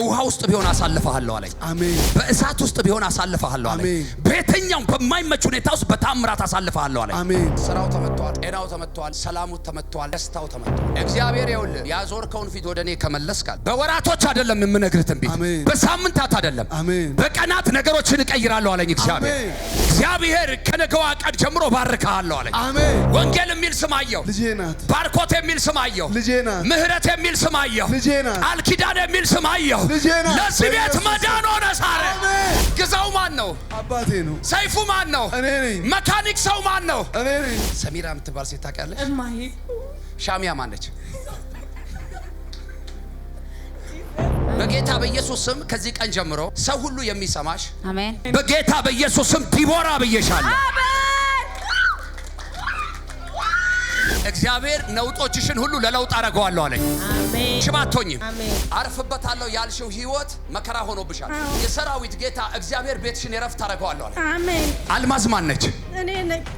በውሃ ውስጥ ቢሆን አሳልፈሃለሁ አለኝ። በእሳት ውስጥ ቢሆን አሳልፈሃለሁ አለኝ። በየትኛውም በማይመች ሁኔታ ውስጥ በታምራት አሳልፈሃለሁ አለኝ። አሜን። ስራው ተመቷል፣ ጤናው ተመቷል፣ ሰላሙ ተመቷል፣ ደስታው ተመቷል። እግዚአብሔር ይኸውልህ ያዞርከውን ፊት ወደ እኔ ከመለስካል በወራቶች አይደለም የምነግርህ ትንቢት፣ በሳምንታት አይደለም፣ በቀናት ነገሮችን እቀይራለሁ አለኝ እግዚአብሔር። እግዚአብሔር ከነገዋ ቀን ጀምሮ ባርካሃለሁ አለኝ። ወንጌል የሚል ስም አየሁ፣ ባርኮት የሚል ስም አየሁ፣ ምህረት የሚል ስም አየሁ፣ ቃል ኪዳን የሚል ስም አየሁ። ለዚህ ቤት መዳን ሆነ። ሳረ ግዛው ማን ነው? አባቴ ነው። ሰይፉ ማን ነው? እኔ ነኝ። መካኒክ ሰው ማን ነው? እኔ ነኝ። ሰሚራ የምትባል ሴት ታውቂያለሽ? ሻሚያ ማነች? በጌታ በኢየሱስ ስም ከዚህ ቀን ጀምሮ ሰው ሁሉ የሚሰማሽ በጌታ በኢየሱስ ስም ዲቦራ ብዬሻለሁ። እግዚአብሔር ነውጦችሽን ሁሉ ለለውጥ አደርገዋለሁ አለኝ። ሽባ አትሆኝም። አርፍበታለሁ ያልሽው ህይወት መከራ ሆኖብሻል። የሰራዊት ጌታ እግዚአብሔር ቤትሽን የረፍት አደርገዋለሁ አለኝ። አልማዝ ማን ነች?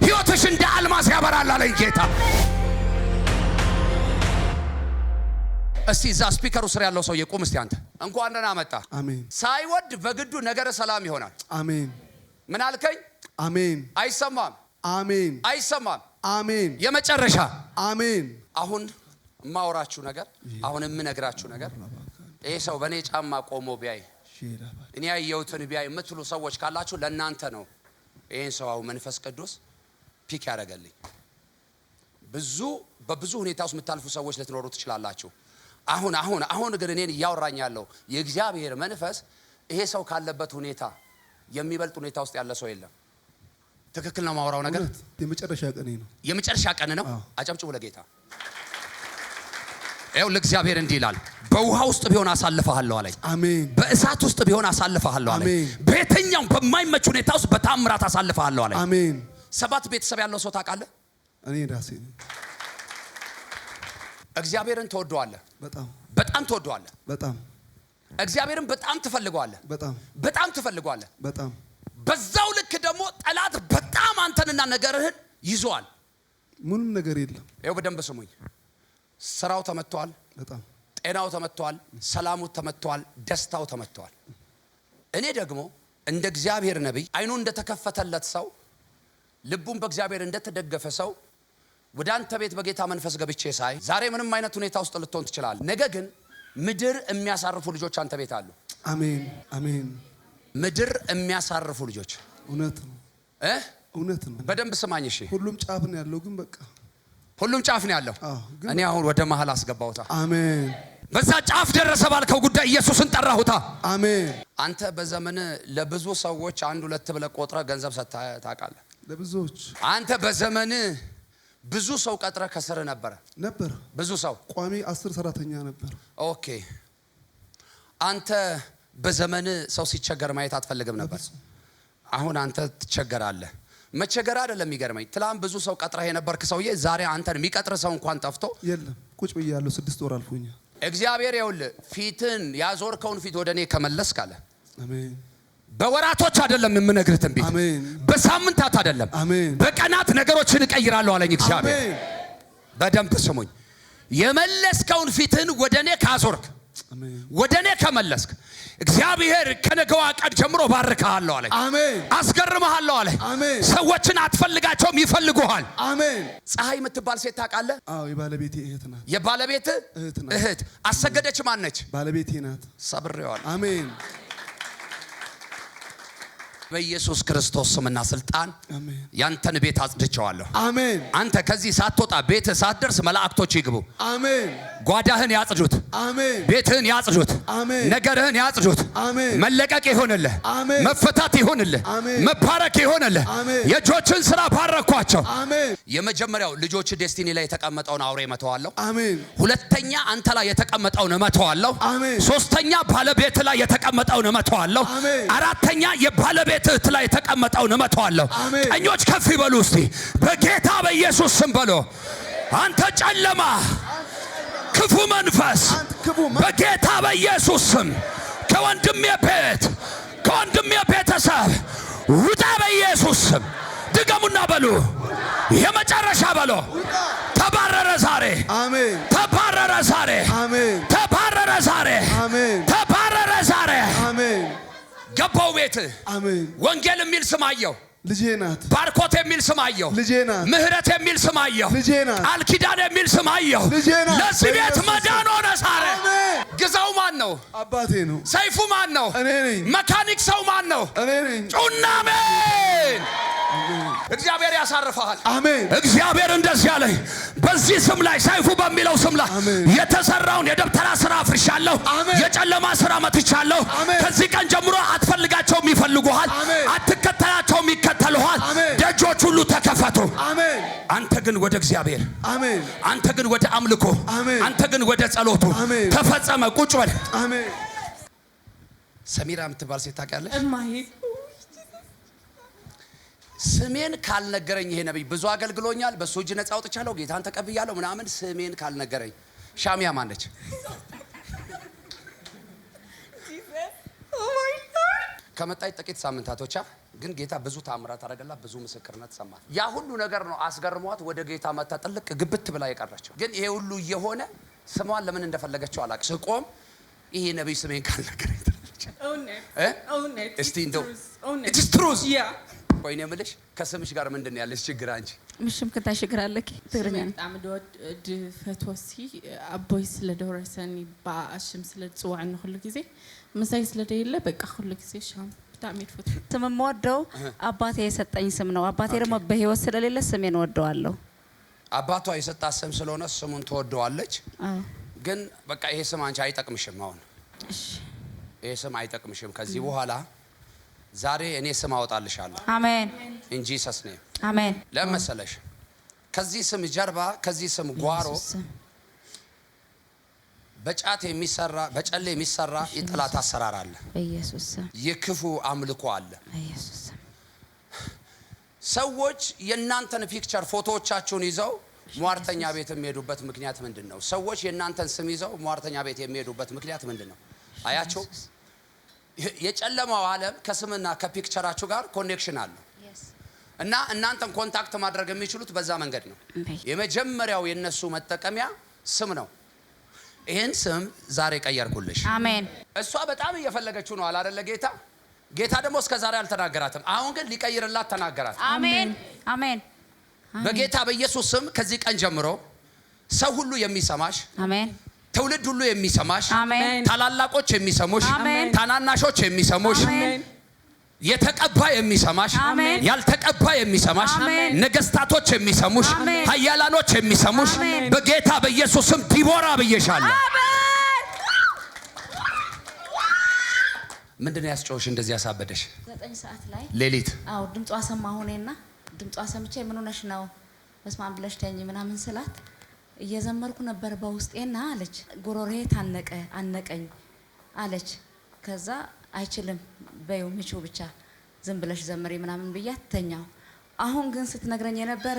ህይወትሽ እንደ አልማዝ ያበራል አለኝ ጌታ። እስቲ እዛ ስፒከሩ ስር ያለው ሰው የቁም እስቲ። አንተ እንኳን ደህና መጣ። ሳይወድ በግዱ ነገረ ሰላም ይሆናል። አሜን። ምን አልከኝ? አሜን። አይሰማም። አሜን። አይሰማም አሜን። የመጨረሻ አሜን። አሁን የማወራችሁ ነገር አሁን የምነግራችሁ ነገር ይህ ሰው በእኔ ጫማ ቆሞ ቢያይ እኔ ያየሁትን ቢያይ የምትሉ ሰዎች ካላችሁ ለእናንተ ነው። ይህን ሰው አሁን መንፈስ ቅዱስ ፒክ ያደረገልኝ። ብዙ በብዙ ሁኔታ ውስጥ የምታልፉ ሰዎች ልትኖሩ ትችላላችሁ። አሁን አሁን አሁን ግን እኔን እያወራኝ ያለው የእግዚአብሔር መንፈስ ይሄ ሰው ካለበት ሁኔታ የሚበልጥ ሁኔታ ውስጥ ያለ ሰው የለም። ትክክል ነው። ማውራው ነገር የመጨረሻ ቀን ነው። የመጨረሻ ቀን ነው። አጨብጭቡ ለጌታ። ይኸው ለእግዚአብሔር እንዲህ ይላል፣ በውሃ ውስጥ ቢሆን አሳልፈሃለሁ አለኝ። አሜን። በእሳት ውስጥ ቢሆን አሳልፈሃለሁ አለኝ። በየትኛውም በማይመች ሁኔታ ውስጥ በታምራት አሳልፈሃለሁ አለኝ። አሜን። ሰባት ቤተሰብ ያለው ሰው ታውቃለህ? እኔ ራሴ እግዚአብሔርን ትወደዋለህ። በጣም በጣም ትወደዋለህ። በጣም እግዚአብሔርን በጣም ትፈልገዋለህ። በጣም በጣም ትፈልገዋለህ። በጣም በዛው ልክ ደግሞ ጠላት በጣም አንተንና ነገርህን ይዘዋል። ምንም ነገር የለም። ይኸው በደንብ ስሙኝ። ስራው ተመቷል፣ በጣም ጤናው ተመቷል፣ ሰላሙ ተመቷል፣ ደስታው ተመቷል። እኔ ደግሞ እንደ እግዚአብሔር ነቢይ አይኑ እንደተከፈተለት ሰው ልቡን በእግዚአብሔር እንደተደገፈ ሰው ወደ አንተ ቤት በጌታ መንፈስ ገብቼ ሳይ ዛሬ ምንም አይነት ሁኔታ ውስጥ ልትሆን ትችላለህ። ነገ ግን ምድር የሚያሳርፉ ልጆች አንተ ቤት አሉ። አሜን አሜን። ምድር የሚያሳርፉ ልጆች እውነት ነው እ እውነት ነው። በደንብ ስማኝ እሺ። ሁሉም ጫፍ ነው ያለው፣ ግን በቃ ሁሉም ጫፍ ነው ያለው። እኔ አሁን ወደ መሀል አስገባሁታ። አሜን። በዛ ጫፍ ደረሰ ባልከው ጉዳይ ኢየሱስን ጠራሁታ። አሜን። አንተ በዘመን ለብዙ ሰዎች አንድ ሁለት ብለህ ቆጥረህ ገንዘብ ሰጥተህ ታውቃለህ። ለብዙዎች አንተ በዘመን ብዙ ሰው ቀጥረ ከስር ነበረ ነበር። ብዙ ሰው ቋሚ አስር ሰራተኛ ነበር። ኦኬ አንተ በዘመን ሰው ሲቸገር ማየት አትፈልግም ነበር። አሁን አንተ ትቸገራለህ። መቸገር አይደለም የሚገርመኝ፣ ትላም ብዙ ሰው ቀጥረህ የነበርክ ሰውዬ ዛሬ አንተን የሚቀጥር ሰው እንኳን ጠፍቶ የለም። ቁጭ ብያለሁ፣ ስድስት ወር አልፎኛ። እግዚአብሔር የውል ፊትን ያዞርከውን ፊት ወደ እኔ ከመለስክ አለ በወራቶች አይደለም የምነግር ትንቢት፣ በሳምንታት አይደለም በቀናት ነገሮችን እቀይራለሁ አለኝ እግዚአብሔር። በደንብ ስሙኝ። የመለስከውን ፊትን ወደ እኔ ካዞርክ ወደ እኔ ከመለስክ እግዚአብሔር ከነገዋ ቀን ጀምሮ ባርካሃለሁ አለ። አስገርመሃለሁ አለ። ሰዎችን አትፈልጋቸውም፣ ይፈልጉሃል። ፀሐይ የምትባል ሴት ታውቃለህ? የባለቤቴ እህት ናት። የባለቤት እህት አሰገደች። ማነች? ባለቤቴ ናት። ሰብሬዋል። አሜን በኢየሱስ ክርስቶስ ስምና ስልጣን ያንተን ቤት አጽድቸዋለሁ። አሜን። አንተ ከዚህ ሳትወጣ ቤት ሳትደርስ መላእክቶች ይግቡ። አሜን። ጓዳህን ያጽዱት። አሜን። ቤትህን ያጽዱት። አሜን። ነገርህን ያጽዱት። አሜን። መለቀቅ ይሆንልህ። አሜን። መፈታት ይሆንልህ። አሜን። መባረክ ይሆንልህ። አሜን። የእጆችን ስራ ባረኳቸው። አሜን። የመጀመሪያው ልጆች ዴስቲኒ ላይ የተቀመጠውን አውሬ መተዋለሁ። አሜን። ሁለተኛ አንተ ላይ የተቀመጠውን መተዋለሁ። አሜን። ሶስተኛ ባለቤት ላይ የተቀመጠውን አሜን። አራተኛ የባለቤት በቤትህ ላይ የተቀመጠውን እመተዋለሁ። ቀኞች ከፍ ይበሉ እስቲ በጌታ በኢየሱስ ስም በሎ። አንተ ጨለማ፣ ክፉ መንፈስ በጌታ በኢየሱስ ስም ከወንድሜ ቤት ከወንድሜ ቤተሰብ ውጣ በኢየሱስ ስም። ድገሙና በሉ የመጨረሻ በሎ። ተባረረ ዛሬ፣ ተባረረ ዛሬ፣ ተባረረ ዛሬ አሜን። ወንጌል የሚል ስም አየው ልጄ ናት። ባርኮት የሚል ስም አየው ልጄ ናት። ምህረት የሚል ስም አየሁ። ልጄ ናት። ቃል ኪዳን የሚል ስም አየው ልጄ ናት። ለዚህ ቤት መዳን ሆነ። ሳረ ግዛው ማን ነው? አባቴ ነው። ሰይፉ ማን ነው? እኔ ነኝ። መካኒክ ሰው ማን ነው? እኔ ነኝ። ጩናሜን እግዚአብሔር ያሳርፈሃል። አሜን። እግዚአብሔር እንደዚህ አለኝ በዚህ ስም ላይ ሰይፉ በሚለው ስም ላይ የተሰራውን የደብተራ ስራ አፍርሻለሁ፣ የጨለማ ስራ መትቻለሁ። ከዚህ ቀን ጀምሮ አትፈልጋቸውም፣ ይፈልጉሃል። አትከተላቸውም፣ ይከተሉሃል። ደጆች ሁሉ ተከፈቱ። አንተ ግን ወደ እግዚአብሔር፣ አንተ ግን ወደ አምልኮ፣ አንተ ግን ወደ ጸሎቱ ተፈጸመ። ቁጭ በል። ሰሚራ የምትባል ሴት ታውቂያለሽ? ስሜን ካልነገረኝ ይሄ ነብይ ብዙ አገልግሎኛል፣ በሱ እጅ ነፃ አውጥቻለሁ፣ ጌታን ተቀብያለሁ ምናምን ስሜን ካልነገረኝ ሻሚያ ማለች ከመጣች ጥቂት ሳምንታቶቻ ግን ጌታ ብዙ ታምራት አደረገላት። ብዙ ምስክርነት ሰማት። ያ ሁሉ ነገር ነው አስገርሟት ወደ ጌታ መታ ጥልቅ ግብት ብላ የቀረችው። ግን ይሄ ሁሉ እየሆነ ስሟን ለምን እንደፈለገችው አላቅ ስቆም ይሄ ነቢይ ስሜን ካልነገረኝ ትላለች። እስቲ እንደው ኢትስ ትሩዝ ቆይ እኔ የምልሽ ከስምሽ ጋር ምንድን ነው ያለሽ ችግር? አንቺ ምሽም ከታሽግራለክ ትግርኛ በጣም ድወድ ፈትወሲ አቦይ ስለ ደውረሰኒ ብኣሽም ስለ ዝፅዋዕኒ ኩሉ ግዜ ምሳይ ስለደየለ በቃ ኩሉ ግዜ ሻም ስም የምወደው አባቴ የሰጠኝ ስም ነው። አባቴ ደግሞ በህይወት ስለሌለ ስሜን ወደዋለሁ። አባቷ የሰጣት ስም ስለሆነ ስሙን ትወደዋለች። ግን በቃ ይሄ ስም አንቺ አይጠቅምሽም። አሁን ይሄ ስም አይጠቅምሽም ከዚህ በኋላ ዛሬ እኔ ስም አወጣልሻለሁ። አሜን። ኢን ጂሰስ ኔም አሜን። ለመሰለሽ ከዚህ ስም ጀርባ ከዚህ ስም ጓሮ በጫት የሚሰራ በጨሌ የሚሰራ የጠላት አሰራር አለ። በኢየሱስ ስም የክፉ አምልኮ አለ። በኢየሱስ ስም ሰዎች የእናንተን ፒክቸር ፎቶዎቻችሁን ይዘው ሟርተኛ ቤት የሚሄዱበት ምክንያት ምንድን ነው? ሰዎች የእናንተን ስም ይዘው ሟርተኛ ቤት የሚሄዱበት ምክንያት ምንድን ነው? አያችሁ የጨለማው ዓለም ከስምና ከፒክቸራችሁ ጋር ኮኔክሽን አለው እና እናንተን ኮንታክት ማድረግ የሚችሉት በዛ መንገድ ነው። የመጀመሪያው የነሱ መጠቀሚያ ስም ነው። ይህን ስም ዛሬ ቀየርኩልሽ። አሜን። እሷ በጣም እየፈለገችው ነው አላደለ ጌታ ጌታ ደግሞ እስከ ዛሬ አልተናገራትም። አሁን ግን ሊቀይርላት ተናገራት። አሜን አሜን። በጌታ በኢየሱስ ስም ከዚህ ቀን ጀምሮ ሰው ሁሉ የሚሰማሽ አሜን ትውልድ ሁሉ የሚሰማሽ፣ ታላላቆች የሚሰሙሽ፣ ታናናሾች የሚሰሙሽ የተቀባ የሚሰማሽ ያልተቀባ የሚሰማሽ ነገስታቶች የሚሰሙሽ ኃያላኖች የሚሰሙሽ በጌታ በኢየሱስም ዲቦራ ብዬሻለሁ። ምንድን ነው ያስጨውሽ? እንደዚህ ያሳበደሽ? ዘጠኝ ሰዓት ላይ ሌሊት ድምጿ ሰማሁኔና ድምጿ ሰምቼ ምን ሆነሽ ነው መስማን ብለሽ ተኝ ምናምን ስላት እየዘመርኩ ነበር በውስጤና አለች። ጉሮሬ ታነቀ አነቀኝ አለች። ከዛ አይችልም በይው ምቹ ብቻ ዝም ብለሽ ዘምሪ ምናምን ብያት ተኛው። አሁን ግን ስትነግረኝ የነበረ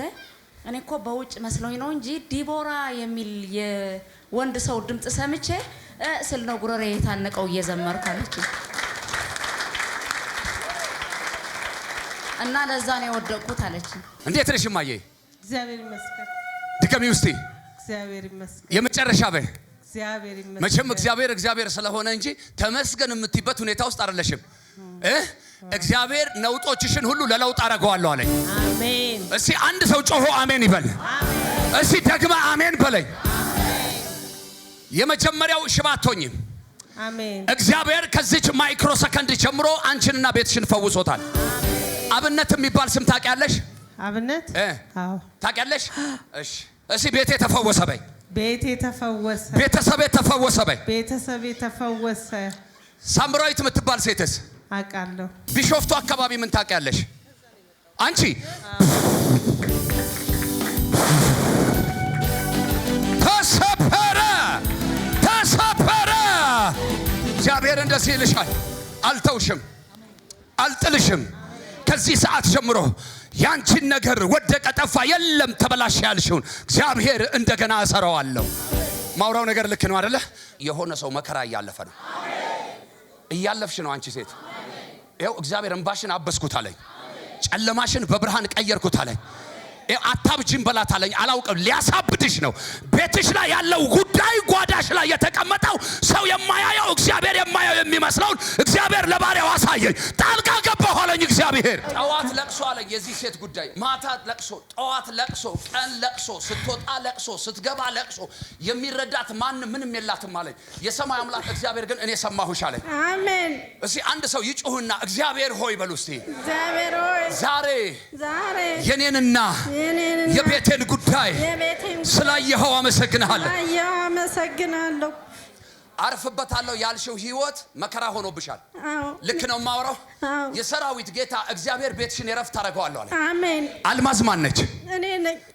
እኔ እኮ በውጭ መስለኝ ነው እንጂ ዲቦራ የሚል የወንድ ሰው ድምፅ ሰምቼ ስል ነው ጉሮሮዬ የታነቀው እየዘመርኩ አለች። እና ለዛ ነው የወደቅኩት አለች። እንዴት ነሽ እማዬ? እግዚአብሔር ይመስገን። ድከሚ ውስጤ የመጨረሻ በ መቼም እግዚአብሔር እግዚአብሔር ስለሆነ እንጂ ተመስገን የምትይበት ሁኔታ ውስጥ አይደለሽም። እግዚአብሔር ነውጦችሽን ሁሉ ለለውጥ አደርገዋለሁ አለኝ። እስቲ አንድ ሰው ጮሆ አሜን ይበል። እስቲ ደግማ አሜን በለኝ። የመጀመሪያው ሽባቶኝ እግዚአብሔር ከዚች ማይክሮ ሰከንድ ጀምሮ አንቺንና ቤትሽን ፈውሶታል። አብነት የሚባል ስም ታውቂያለሽ? አብነት ታውቂያለሽ? እሺ እሺ ቤቴ ተፈወሰ በይ። ቤቴ ተፈወሰ። ቤተሰቤ ተፈወሰ በይ። ቤተሰቤ ተፈወሰ። ሳምራዊት የምትባል ሴትስ አውቃለሁ። ቢሾፍቱ አካባቢ ምን ታውቂያለሽ አንቺ? ተሰበረ፣ ተሰበረ። እግዚአብሔር እንደዚህ ይልሻል፣ አልተውሽም፣ አልጥልሽም ከዚህ ሰዓት ጀምሮ ያንቺን ነገር ወደቀ፣ ጠፋ፣ የለም ተበላሽ ያልሽውን እግዚአብሔር እንደገና እሰራዋለሁ። ማውራው ነገር ልክ ነው አደለ? የሆነ ሰው መከራ እያለፈ ነው፣ እያለፍሽ ነው አንቺ ሴት። ይኸው እግዚአብሔር እንባሽን አበስኩት አለኝ፣ ጨለማሽን በብርሃን ቀየርኩት አለኝ። አታብጅን በላት አለኝ። አላውቀም ሊያሳብድሽ ነው። ቤትሽ ላይ ያለው ጉዳይ ጓዳሽ ላይ የተቀመጠው ሰው የማያየው እግዚአብሔር የማያየው የሚመስለውን እግዚአብሔር ለባሪያው አሳየኝ። ጣልቃ ገባሁ አለኝ እግዚአብሔር። ጠዋት ለቅሶ አለኝ የዚህ ሴት ጉዳይ፣ ማታ ለቅሶ፣ ጠዋት ለቅሶ፣ ቀን ለቅሶ፣ ስትወጣ ለቅሶ፣ ስትገባ ለቅሶ፣ የሚረዳት ማንም ምንም የላትም አለኝ። የሰማይ አምላክ እግዚአብሔር ግን እኔ ሰማሁሽ አለኝ። አሜን። እስኪ አንድ ሰው ይጩህና እግዚአብሔር ሆይ በሉ ዛሬ ዛሬ የኔንና የቤቴን ጉዳይ ስላየኸው አመሰግንሃለሁ። አርፍበታለሁ ያልሽው ህይወት መከራ ሆኖብሻል። ልክ ነው የማወራው። የሰራዊት ጌታ እግዚአብሔር ቤትሽን የረፍት አደርገዋለሁ አለ። አሜን። አልማዝ ማን ነች?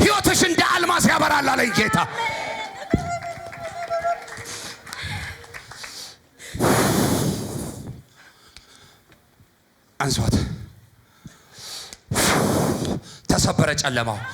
ህይወትሽ እንደ አልማዝ ያበራል አለኝ ጌታ። አንሷት ሰበረ ጨለማው።